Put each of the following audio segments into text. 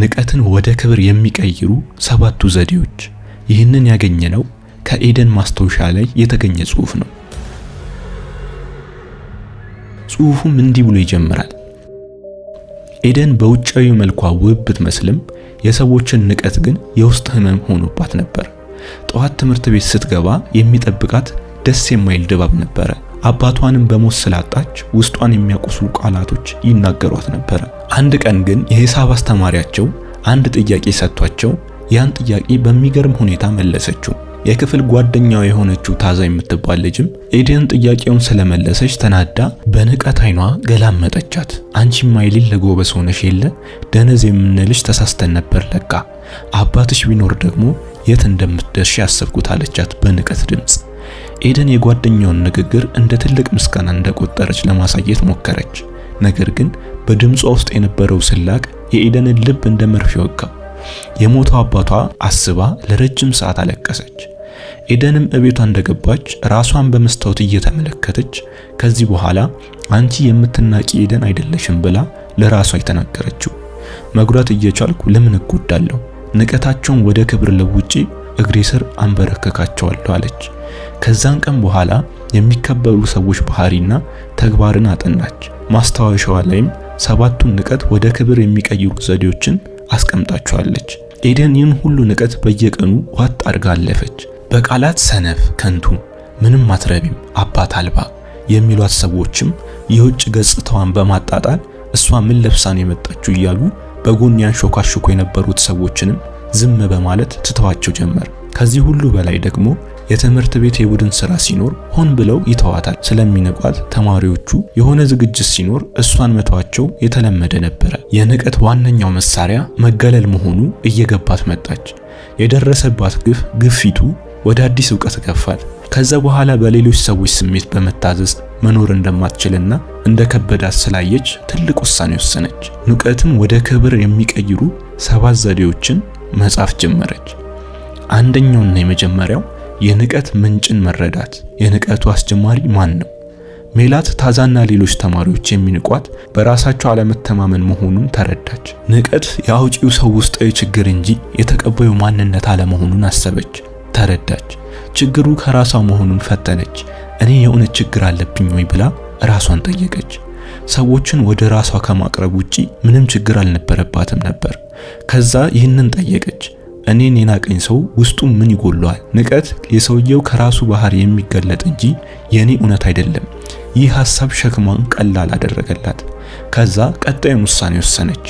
ንቀትን ወደ ክብር የሚቀይሩ ሰባቱ ዘዴዎች። ይህንን ያገኘነው ከኤደን ማስታወሻ ላይ የተገኘ ጽሑፍ ነው። ጽሑፉም እንዲህ ብሎ ይጀምራል። ኤደን በውጫዊ መልኳ ውብ ብትመስልም የሰዎችን ንቀት ግን የውስጥ ሕመም ሆኖባት ነበር። ጠዋት ትምህርት ቤት ስትገባ የሚጠብቃት ደስ የማይል ድባብ ነበረ። አባቷንም በሞት ስላጣች ውስጧን የሚያቆስሉ ቃላቶች ይናገሯት ነበረ። አንድ ቀን ግን የሂሳብ አስተማሪያቸው አንድ ጥያቄ ሰጥቷቸው ያን ጥያቄ በሚገርም ሁኔታ መለሰችው። የክፍል ጓደኛው የሆነችው ታዛ የምትባል ልጅም ኤደን ጥያቄውን ስለመለሰች ተናዳ በንቀት አይኗ ገላመጠቻት። አንቺ ማይሊ ለጎበስ ሆነሽ የለ ደነዝ የምንልሽ ተሳስተን ነበር ለካ አባትሽ ቢኖር ደግሞ የት እንደምትደርሽ ያሰብኩት አለቻት በንቀት ድምፅ። ኤደን የጓደኛውን ንግግር እንደ ትልቅ ምስጋና እንደቆጠረች ለማሳየት ሞከረች። ነገር ግን በድምጿ ውስጥ የነበረው ስላቅ የኤደንን ልብ እንደ መርፌ ወጋው። የሞተው አባቷ አስባ ለረጅም ሰዓት አለቀሰች። ኤደንም እቤቷ እንደገባች ራሷን በመስታወት እየተመለከተች ከዚህ በኋላ አንቺ የምትናቂ ኤደን አይደለሽም ብላ ለራሷ የተናገረችው። መጉዳት እየቻልኩ ለምን እጎዳለሁ? ንቀታቸውን ወደ ክብር ለውጪ፣ እግሬ ስር አንበረከካቸዋለሁ አለች። ከዛን ቀን በኋላ የሚከበሉ ሰዎች ባህሪና ተግባርን አጠናች። ማስታወሻዋ ላይም ሰባቱን ንቀት ወደ ክብር የሚቀይሩ ዘዴዎችን አስቀምጣቸዋለች። ኤደን ይህን ሁሉ ንቀት በየቀኑ ዋጥ አድርጋ አለፈች። በቃላት ሰነፍ፣ ከንቱ፣ ምንም አትረቢም፣ አባት አልባ የሚሏት ሰዎችም የውጭ ገጽታዋን በማጣጣል እሷ ምን ለብሳን የመጣችው እያሉ በጎን ያንሾካሾኩ የነበሩት ሰዎችንም ዝም በማለት ትተዋቸው ጀመር። ከዚህ ሁሉ በላይ ደግሞ የትምህርት ቤት የቡድን ስራ ሲኖር ሆን ብለው ይተዋታል። ስለሚንቋት ተማሪዎቹ የሆነ ዝግጅት ሲኖር እሷን መተዋቸው የተለመደ ነበረ። የንቀት ዋነኛው መሳሪያ መገለል መሆኑ እየገባት መጣች። የደረሰባት ግፍ ግፊቱ ወደ አዲስ እውቀት ገፋት። ከዛ በኋላ በሌሎች ሰዎች ስሜት በመታዘዝ መኖር እንደማትችልና እንደከበዳት ስላየች ትልቅ ውሳኔ ወሰነች። ንቀትን ወደ ክብር የሚቀይሩ ሰባት ዘዴዎችን መጻፍ ጀመረች። አንደኛውና የመጀመሪያው የንቀት ምንጭን መረዳት። የንቀቱ አስጀማሪ ማን ነው? ሜላት ታዛና ሌሎች ተማሪዎች የሚንቋት በራሳቸው አለመተማመን መሆኑን ተረዳች። ንቀት የአውጪው ሰው ውስጣዊ ችግር እንጂ የተቀባዩ ማንነት አለመሆኑን አሰበች፣ ተረዳች። ችግሩ ከራሷ መሆኑን ፈተነች። እኔ የእውነት ችግር አለብኝ ወይ ብላ ራሷን ጠየቀች። ሰዎችን ወደ ራሷ ከማቅረብ ውጪ ምንም ችግር አልነበረባትም ነበር። ከዛ ይህንን ጠየቀች። እኔን የናቀኝ ሰው ውስጡ ምን ይጎለዋል? ንቀት የሰውየው ከራሱ ባህር የሚገለጥ እንጂ የኔ እውነት አይደለም። ይህ ሐሳብ ሸክሟን ቀላል አደረገላት። ከዛ ቀጣዩን ውሳኔ ወሰነች።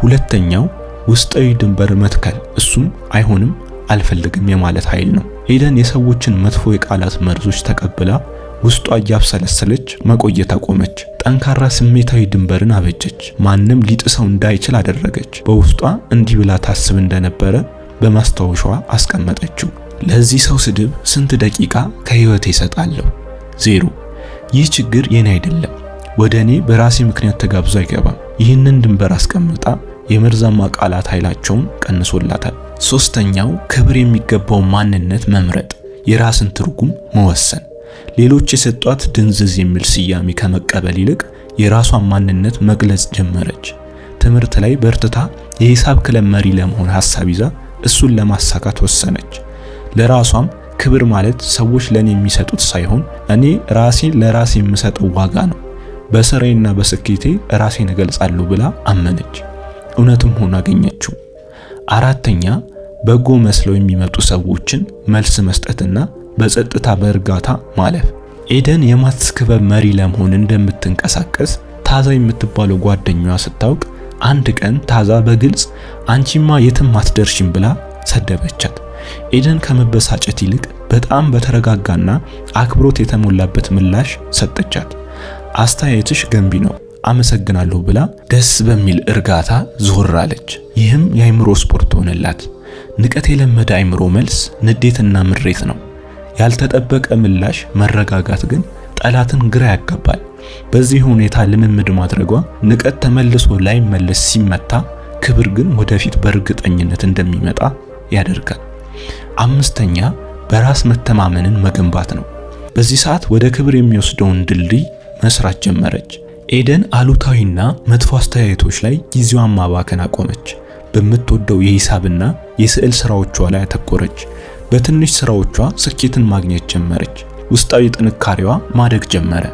ሁለተኛው ውስጣዊ ድንበር መትከል፣ እሱም አይሆንም፣ አልፈልግም የማለት ኃይል ነው። ኤደን የሰዎችን መጥፎ የቃላት መርዞች ተቀብላ ውስጧ እያብሰለሰለች መቆየት አቆመች። ጠንካራ ስሜታዊ ድንበርን አበጀች። ማንም ሊጥሰው እንዳይችል አደረገች። በውስጧ እንዲህ ብላ ታስብ እንደነበረ በማስታወሻዋ አስቀመጠችው። ለዚህ ሰው ስድብ ስንት ደቂቃ ከህይወት ይሰጣለሁ ዜሮ። ይህ ችግር የኔ አይደለም፣ ወደ እኔ በራሴ ምክንያት ተጋብዞ አይገባም። ይህንን ድንበር አስቀምጣ የመርዛማ ቃላት ኃይላቸውን ቀንሶላታል። ሶስተኛው ክብር የሚገባው ማንነት መምረጥ፣ የራስን ትርጉም መወሰን። ሌሎች የሰጧት ድንዝዝ የሚል ስያሜ ከመቀበል ይልቅ የራሷን ማንነት መግለጽ ጀመረች። ትምህርት ላይ በርትታ የሂሳብ ክለብ መሪ ለመሆን ሐሳብ ይዛ እሱን ለማሳካት ወሰነች። ለራሷም ክብር ማለት ሰዎች ለኔ የሚሰጡት ሳይሆን እኔ ራሴ ለራሴ የምሰጠው ዋጋ ነው፣ በስራዬና በስኬቴ ራሴን እገልጻለሁ ብላ አመነች። እውነትም ሆኖ አገኘችው። አራተኛ በጎ መስለው የሚመጡ ሰዎችን መልስ መስጠትና በጸጥታ በእርጋታ ማለፍ። ኤደን የማትስክበብ መሪ ለመሆን እንደምትንቀሳቀስ ታዛ የምትባለው ጓደኛዋ ስታውቅ አንድ ቀን ታዛ በግልጽ አንቺማ የትም አትደርሽም ብላ ሰደበቻት። ኤደን ከመበሳጨት ይልቅ በጣም በተረጋጋና አክብሮት የተሞላበት ምላሽ ሰጠቻት። አስተያየትሽ ገንቢ ነው፣ አመሰግናለሁ ብላ ደስ በሚል እርጋታ ዞር አለች። ይህም የአይምሮ ስፖርት ሆነላት። ንቀት የለመደ አይምሮ መልስ ንዴትና ምሬት ነው። ያልተጠበቀ ምላሽ መረጋጋት ግን ጠላትን ግራ ያጋባል። በዚህ ሁኔታ ልምምድ ማድረጓ ንቀት ተመልሶ ላይመለስ ሲመታ፣ ክብር ግን ወደፊት በእርግጠኝነት እንደሚመጣ ያደርጋል። አምስተኛ በራስ መተማመንን መገንባት ነው። በዚህ ሰዓት ወደ ክብር የሚወስደውን ድልድይ መስራት ጀመረች። ኤደን አሉታዊና መጥፎ አስተያየቶች ላይ ጊዜዋን ማባከን አቆመች። በምትወደው የሂሳብና የስዕል ስራዎቿ ላይ አተኮረች። በትንሽ ስራዎቿ ስኬትን ማግኘት ጀመረች። ውስጣዊ ጥንካሬዋ ማደግ ጀመረ።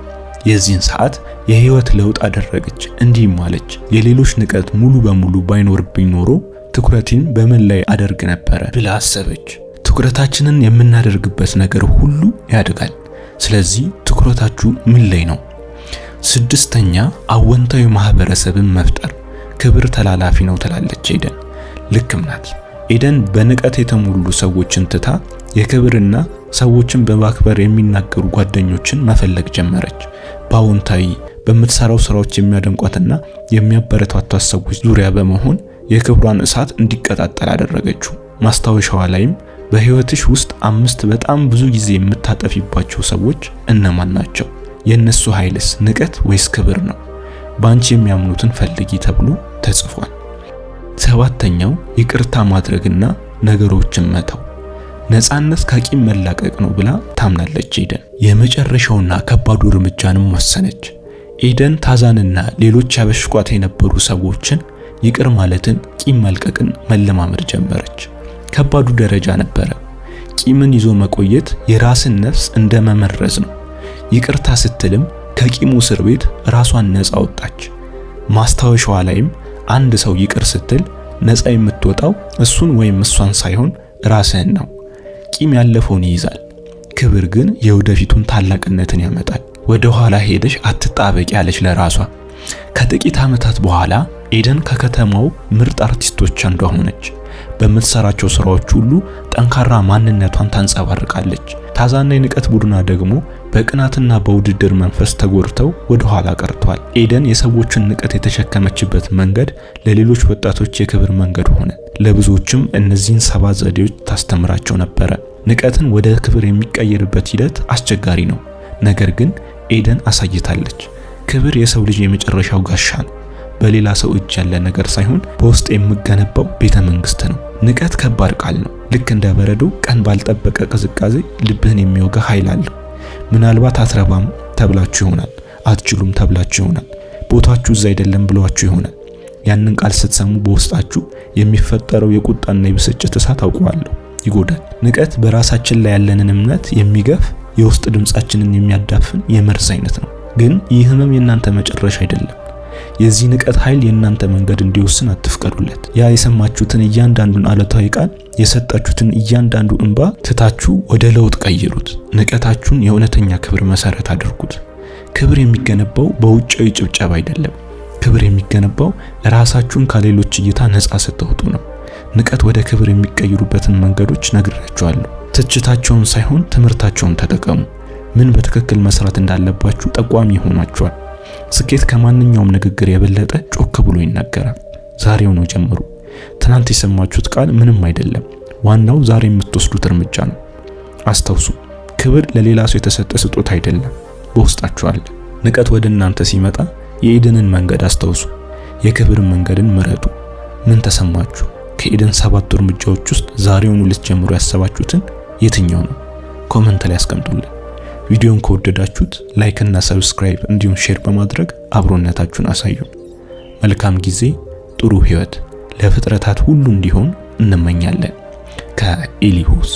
የዚህን ሰዓት የህይወት ለውጥ አደረገች። እንዲህም አለች፣ የሌሎች ንቀት ሙሉ በሙሉ ባይኖርብኝ ኖሮ ትኩረቴን በምን ላይ አደርግ ነበረ ብላ አሰበች። ትኩረታችንን የምናደርግበት ነገር ሁሉ ያድጋል። ስለዚህ ትኩረታችሁ ምን ላይ ነው? ስድስተኛ አወንታዊ ማህበረሰብን መፍጠር ክብር ተላላፊ ነው ትላለች ኤደን። ልክም ናት። ኤደን በንቀት የተሞሉ ሰዎችን ትታ የክብርና ሰዎችን በማክበር የሚናገሩ ጓደኞችን መፈለግ ጀመረች። በአዎንታዊ በምትሰራው ስራዎች የሚያደንቋትና የሚያበረታቷት ሰዎች ዙሪያ በመሆን የክብሯን እሳት እንዲቀጣጠል አደረገችው። ማስታወሻዋ ላይም በህይወትሽ ውስጥ አምስት በጣም ብዙ ጊዜ የምታጠፊባቸው ሰዎች እነማን ናቸው? የእነሱ ኃይልስ ንቀት ወይስ ክብር ነው? በአንቺ የሚያምኑትን ፈልጊ ተብሎ ተጽፏል። ሰባተኛው ይቅርታ ማድረግና ነገሮችን መተው ነፃነት ከቂም መላቀቅ ነው ብላ ታምናለች ኤደን። የመጨረሻውና ከባዱ እርምጃንም ወሰነች። ኤደን ታዛንና ሌሎች ያበሽቋት የነበሩ ሰዎችን ይቅር ማለትን፣ ቂም መልቀቅን መለማመድ ጀመረች። ከባዱ ደረጃ ነበረ። ቂምን ይዞ መቆየት የራስን ነፍስ እንደ መመረዝ ነው። ይቅርታ ስትልም ከቂሙ እስር ቤት ራሷን ነፃ ወጣች። ማስታወሻዋ ላይም አንድ ሰው ይቅር ስትል ነፃ የምትወጣው እሱን ወይም እሷን ሳይሆን ራስህን ነው። ቂም ያለፈውን ይይዛል። ክብር ግን የወደፊቱን ታላቅነትን ያመጣል። ወደ ኋላ ሄደሽ አትጣበቂ ያለች ለራሷ። ከጥቂት ዓመታት በኋላ ኤደን ከከተማው ምርጥ አርቲስቶች አንዷ ሆነች። በምትሰራቸው ስራዎች ሁሉ ጠንካራ ማንነቷን ታንጸባርቃለች። ካዛና የንቀት ቡድና ደግሞ በቅናትና በውድድር መንፈስ ተጎድተው ወደ ኋላ ቀርቷል። ኤደን የሰዎችን ንቀት የተሸከመችበት መንገድ ለሌሎች ወጣቶች የክብር መንገድ ሆነ። ለብዙዎችም እነዚህን ሰባት ዘዴዎች ታስተምራቸው ነበረ። ንቀትን ወደ ክብር የሚቀየርበት ሂደት አስቸጋሪ ነው። ነገር ግን ኤደን አሳይታለች። ክብር የሰው ልጅ የመጨረሻው ጋሻ ነው። በሌላ ሰው እጅ ያለ ነገር ሳይሆን በውስጥ የምገነባው ቤተ መንግስት ነው። ንቀት ከባድ ቃል ነው። ልክ እንደ በረዶ ቀን ባልጠበቀ ቅዝቃዜ ልብህን የሚወጋ ኃይል አለው። ምናልባት አትረባም ተብላችሁ ይሆናል። አትችሉም ተብላችሁ ይሆናል። ቦታችሁ እዛ አይደለም ብሏችሁ ይሆናል። ያንን ቃል ስትሰሙ በውስጣችሁ የሚፈጠረው የቁጣና የብስጭት እሳት አውቀዋለሁ፣ ይጎዳል። ንቀት በራሳችን ላይ ያለንን እምነት የሚገፍ የውስጥ ድምጻችንን የሚያዳፍን የመርዝ አይነት ነው። ግን ይህ ህመም የእናንተ መጨረሻ አይደለም። የዚህ ንቀት ኃይል የእናንተ መንገድ እንዲወስን አትፍቀዱለት። ያ የሰማችሁትን እያንዳንዱን አለታዊ ቃል፣ የሰጣችሁትን እያንዳንዱ እንባ ትታችሁ ወደ ለውጥ ቀይሩት። ንቀታችሁን የእውነተኛ ክብር መሰረት አድርጉት። ክብር የሚገነባው በውጫዊ ጭብጨባ አይደለም። ክብር የሚገነባው ራሳችሁን ከሌሎች እይታ ነፃ ስትወጡ ነው። ንቀት ወደ ክብር የሚቀይሩበትን መንገዶች ነግራችኋለሁ። ትችታቸውን ሳይሆን ትምህርታቸውን ተጠቀሙ። ምን በትክክል መስራት እንዳለባችሁ ጠቋሚ ሆኗችኋል። ስኬት ከማንኛውም ንግግር የበለጠ ጮክ ብሎ ይናገራል። ዛሬው ነው ጀምሩ። ትናንት የሰማችሁት ቃል ምንም አይደለም። ዋናው ዛሬ የምትወስዱት እርምጃ ነው። አስታውሱ፣ ክብር ለሌላ ሰው የተሰጠ ስጦታ አይደለም፣ በውስጣችሁ አለ። ንቀት ወደ እናንተ ሲመጣ የኢደንን መንገድ አስታውሱ፣ የክብርን መንገድን ምረጡ። ምን ተሰማችሁ? ከኢደን ሰባቱ እርምጃዎች ውስጥ ዛሬውኑ ልትጀምሩ ያሰባችሁትን የትኛው ነው? ኮመንት ላይ አስቀምጡልን። ቪዲዮን ከወደዳችሁት ላይክ እና ሰብስክራይብ እንዲሁም ሼር በማድረግ አብሮነታችሁን አሳዩ መልካም ጊዜ፣ ጥሩ ህይወት ለፍጥረታት ሁሉ እንዲሆን እንመኛለን። ከኤሊሁስ